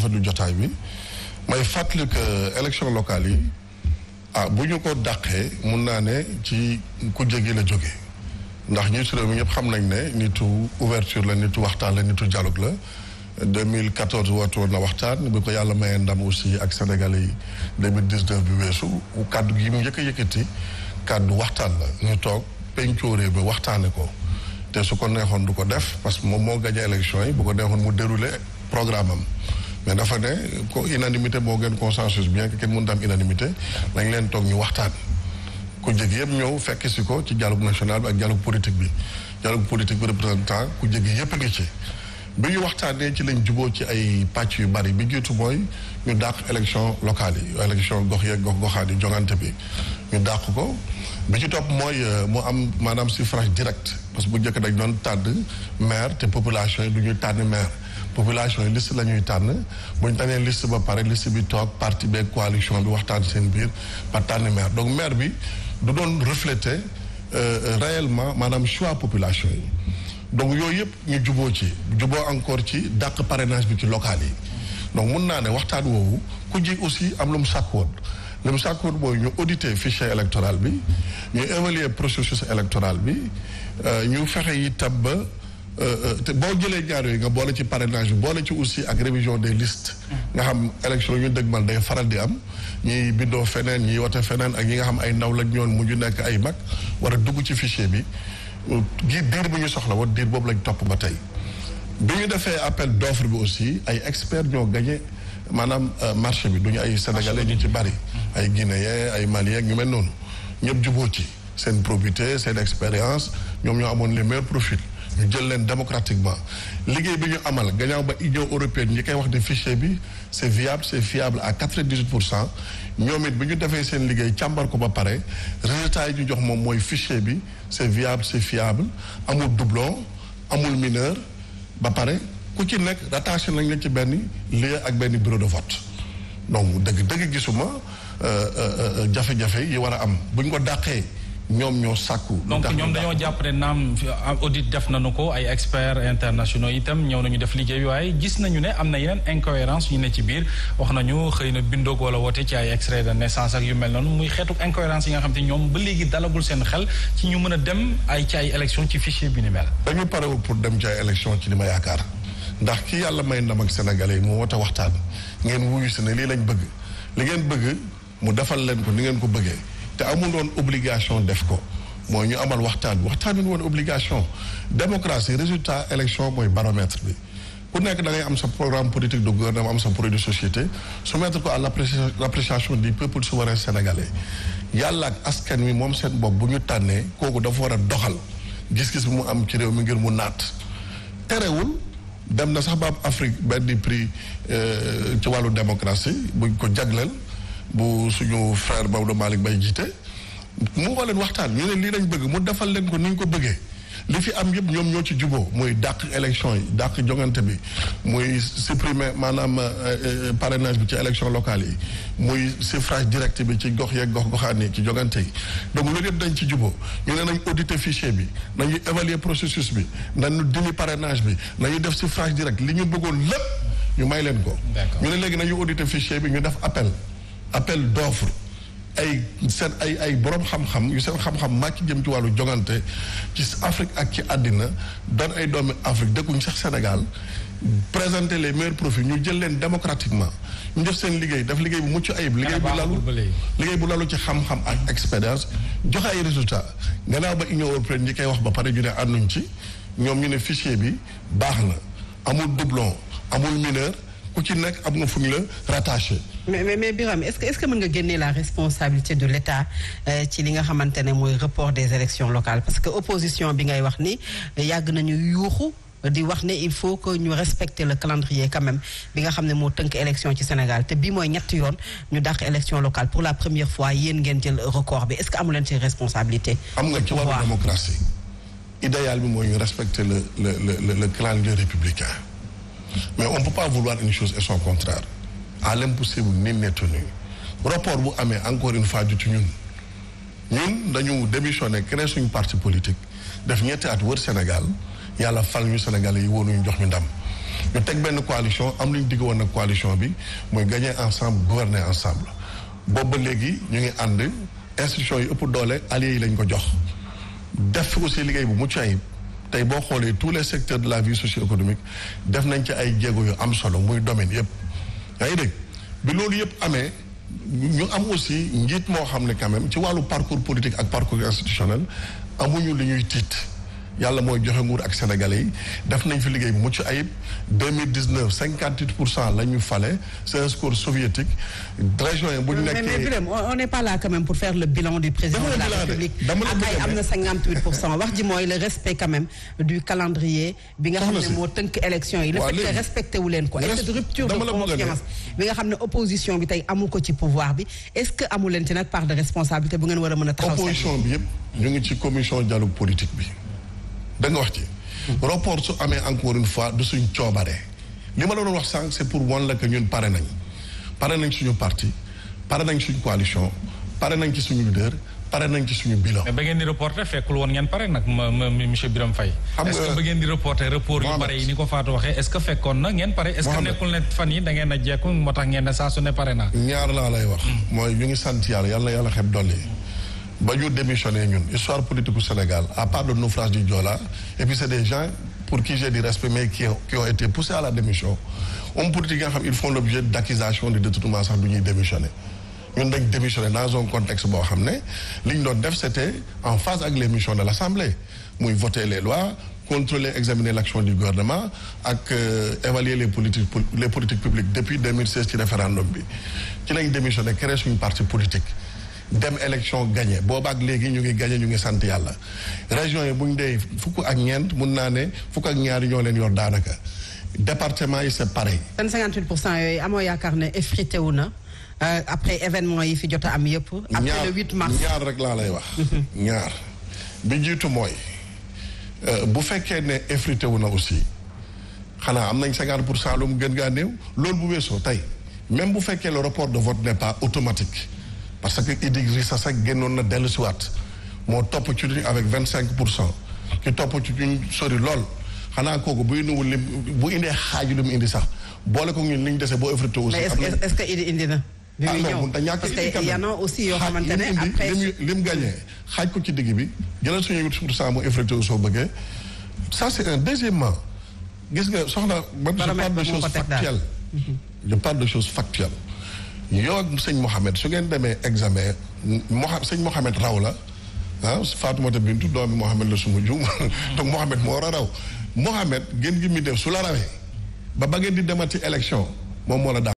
rafetlu jotaay bi may fàttali que élection locale yi ah bu ñu ko dàqee mun naa ne ci ku jege la jóge ndax ñi réew mi ñëpp xam nañ ne nitu ouverture la nitu waxtaan la nitu dialogue la 2014 woote woon na waxtaan bi ko yàlla mayee ndam aussi ak Sénégalais yi 2019 bi weesu kàddu gi mu njëkk a yëkkati kàddu waxtaan la ñu toog pencooree ba waxtaane ko te su ko neexoon du ko def parce que moom moo gañe élection yi bu ko neexoon mu déroulé programme am mais dafa ne unanimité moo gën consensus bien que kenn mënut am unanimité dañ leen toog ñu waxtaan ku jëg yëpp ñëw fekk si ko ci dialogue national bi ak dialogue politique bi dialogue politique bi représentant ku jëg yëpp a ngi ci bi ñu waxtaanee ci lañ juboo ci ay pàcc yu bari bi jiitu mooy ñu dàq élection locale yi élection gox yeeg gox goxaan yi jongante bi ñu dàq ko bi ci topp mooy euh, mu am maanaam suffrage direct parce que bu njëkk dañ doon tàdd maire te population yi du ñuy tànn maire population yi liste la ñuy tànn bu ñu list ba pare list bi toog parti beeg coalition bi waxtaan seen biir ba tànn maire donc maire bi du doon refléter euh, réellement maanaam choix population yi donc yooyu yëpp ñu juboo ci juboo encore ci dàq parrainage bi ci local yi donc mun naa ne waxtaan woowu ku ji aussi am lu mu sàkkoon li mu sàkkoon mooy ñu auditer fichier électoral bi ñu évaluer processus électoral bi euh, ñu fexe itam ba Euh, te boo jëlee ñaar yi nga boole ci parrainage bi boole ci aussi ak révision des listes. nga xam élection yu ñu dëgmal day faral di am ñiy bindoo feneen ñiy wote feneen ak ñi nga xam ay ndaw lañ ñoon mu ñu nekk ay mag war a dugg ci fichier bi gi diir bu ñu soxla woon diir boobu lañ topp ba tey. bi ñu defee appel d'offre bi aussi ay experts ñoo gagné maanaam euh, marché bi du ñu ay sénégalais ñu ci bari. ay guinéens ay maliens ñu mel noonu ñëpp jubóo ci seen probité seen expérience ñoom ñoo amoon les meilleurs profils. jël leen démocratiquement liggéey bi ñu amal gagnaaw ba union européenne ñi koy wax ne fichier bi c' est viable c' est fiable à pour cent ñoom it bi ñu defee seen liggéey càmbar ko ba pare résultat yi ñu jox moom mooy fichier bi c' viable c' fiable amul doublon amul mineur ba pare ku ci nekk rattaché nañ la ci benn lieu ak benn bureau de vote donc dëgg dëgg gisuma euh, euh, euh, jafe-jafe yi war a am buñ ko dàqee. ñoom ñoo sàkku. donc ñoom dañoo jàpp ne naam ah, audit def nañu ko ay experts internationaux itam ñëw nañu def liggéey waaye gis nañu ne am na yeneen incohérence yu ne ci biir wax nañu xëy na bindoog wala woote ci ay extrait de naissance ak yu mel noonu muy xeetu incohérence yi nga xam te ñoom ba léegi dalagul seen xel ci ñu mën a dem ay ci ay élection ci fichier bi ni mel. dañu parewul pour dem ci ay élection ci li ma yaakaar ndax ki yàlla may ndam ak sénégalais yi mu woote waxtaan ngeen wuyu si ne lii lañ bëgg li ngeen bëgg mu defal leen ko ni ngeen ko bëggee te amul woon obligation def ko mooy ñu amal waxtaan bi waxtaanul woon obligation démocratie résultat élection mooy baromètre bi ku nekk dangay am sa programme politique de gouvernement am sa projet de société soumettre ko à l'appréciation du peuple souverain sénégalais yàlla ak askan wi moom seen bopp bu ñu tànnee kooku dafa war a doxal gis-gis bi mu am ci réew mi ngir mu naat terewul dem na sax ba am Afrique benn prix euh, ci wàllu démocratie buñ ko jagleel bu suñu frère Maodo Malick bay jiite mu woo leen waxtaan ñu ne lii lañ bëgg mu defal leen ko ni ñu ko bëggee li fi am yëpp ñoom ñoo ci juboo muy dàq élection yi dàq jongante bi muy supprimer maanaam euh, euh, parrainage bi ci élection locale yi muy suffrage direct bi ci gox yeeg gox goxaan yi ci jogante yi donc loolu yëpp dañ ci juboo ñu ne nañ auditer fichier bi nañu évaluer processus bi nañu dindi parenage bi nañu def suffrage direct li ñu bëggoon lépp ñu may leen ko ñu ne léegi nañu auditer bi ñu def appel appel d'offre ay seen ay ay borom xam-xam yu seen xam-xam màcc jëm ci wàllu jogante ci Afrique ak ci àddina doon ay doomi Afrique dëkkuñ sax Sénégal présenter les meilleurs profils ñu jël leen démocratiquement ñu def seen liggéey daf liggéey bu mucc ayib liggéey bu lalu liggéey bu lalu ci xam-xam ak expérience joxe ay résultat gannaaw ba Union européenne ñi koy wax ba pare ñu ne ànduñ ci ñoom ñu ne fichier bi baax na amul doublon amul mineur ku ci nekk am nga fu ñu la rattaché. mais mais mais Birame est est mën nga génnee la responsabilité de l'État euh, ci li nga xamante ne mooy report des élections locales parce que opposition bi ngay wax ni yàgg nañu yuuxu di wax ne il faut que ñu respecter la calendrier quand même bi nga xam ne moo tënk élection ci Sénégal te bii mooy ñetti yoon ñu dàq élection locale pour la première fois yéen ngeen jël record bi est-ce que amu ci responsabilité. am nga ci wàllu démocratie idéal ñu respecter le le mais on peut pas vouloir une chose et son contraire à l'impossible nul n'est tenu rapport bu amee encore une fois ci ñun ñun dañu démissionné créé suñu parti politique def ñetti at wër Sénégal yàlla fal ñu Sénégalais yi wóonuñu jox ñu ndam ñu teg benn coalition am lu ñu digg woon ak coalition bi mooy gagner ensemble gouverner ensemble boobu ba léegi ñu ngi ànd institution yi ëpp doole alliés yi lañ ko jox def fi aussi liggéey bu mucc tey boo xoolee tous les secteurs de la vie socio-économique def nañ ci ay jéego yu am solo muy domaine yëpp. ay ngi dégg bi loolu yëpp amee ñu am aussi njiit moo xam ne quand même ci wàllu parcours politique ak parcours institutionnel amuñu li ñuy tiit. yàlla mooy joxe nguur ak sénégalais yi def nañ fi liggéey bu mucc ayib 2019 58 pour cent la ñu fale c' score soviétique région yi bu euh, nekkee on n'est pas là quand même pour faire le bilan du président am na 58 pour cent wax ji mooy le respect quand même du calendrier bi nga xam ne moo tënk élection yi le fait que respecté wu leen ko est-ce que rupture de confiance bi nga xam ne opposition bi tey amu ko ci pouvoir bi est-ce que amu leen ci nag part de responsabilité bu ngeen war a mën a taxaw da nga wax ci. rapport su amee encore une fois du suñ coobare. li ma la wax sànq c'est pour wan la ñun pare nañ pare nañ suñu parti pare nañ suñu coalition pare nañ ci suñu leader pare nañ ci suñu bilan. ba ngeen di reporter fekkul woon ngeen pare nag ma ma monsieur Birame Faye. nga est-ce que ba ngeen di reporter report yu pare yi ni ko Fatou waxee est que fekkoon na ngeen pare. est nekkul ne fan yi da ngeen a jekku moo tax ngeen ne saa su ne pare naa. ñaar laa lay mm. ñu ngi sant yàlla yàlla yàlla xeb dolli. ba ñu démissionné ñun histoire politique au Sénégal à part le naufrage du Joola et c'est des gens pour qui j'ai du respect mais qui ont, qui ont à la démission hommes politiques nga xam ils font l'objet d'accusations de détournement sax du ñuy démissionné ñun dañ démissionné dans un contexte boo xam ne li ñu doon def c'était en phase ak les missions de l'Assemblée muy voter les lois contrôler examiner l'action du gouvernement ak euh, évaluer les politiques les politiques publiques depuis 2016 politique dem élection gagné boobaak léegi ñu ngi gagné ñu ngi sant yàlla région yi bu ñu dee fukk ak ñeent mun naa ne fukk ak ñaari ñoo leen yor daanaka département yi c'est pareil. kon 58 pour cent yooyu amoo yaakaar ne effrité wu na euh, après événement yi fi jot am yëpp. après le 8 mars ñaar rek laa lay wax. ñaar bi jiitu mooy euh, bu fekkee ne effrité wu na aussi xanaa am nañ 50 pour cent lu mu gën gaa néew loolu bu weesoo tey même bu fekkee le report de vote n'est automatique. parce que Idrissa Seck génnoon na dellu si moo topp ci ñu avec vingt cinq pour cent ki topp ci ñu sori lool xanaa kooku buy indiwul lim bu indee xaaj lu mu indi sax boole ko ñun li ñu dese boo effrité aussi. mais est ce que Idi indi na. ah non mënut a ñàkk aussi yoo xamante ne après lim gagné xaaj ko ci digg bi jëlal suñu huit pour cent mu effrité wu soo bëggee ça c' un deuxièmement gis nga soxna. man je mhm. parle de choses factuelles je de choses factuelles. ñu yow ak sëñ Mouhamed su ngeen demee examen Mouha sëñ Mouhamed raw la ah Fatoumata Bintu doomi Mouhamed la suma jum donc Mouhamed moo war a raw Mouhamed gën gi mi def su la rawee ba ba ngeen di demati élection moom moo la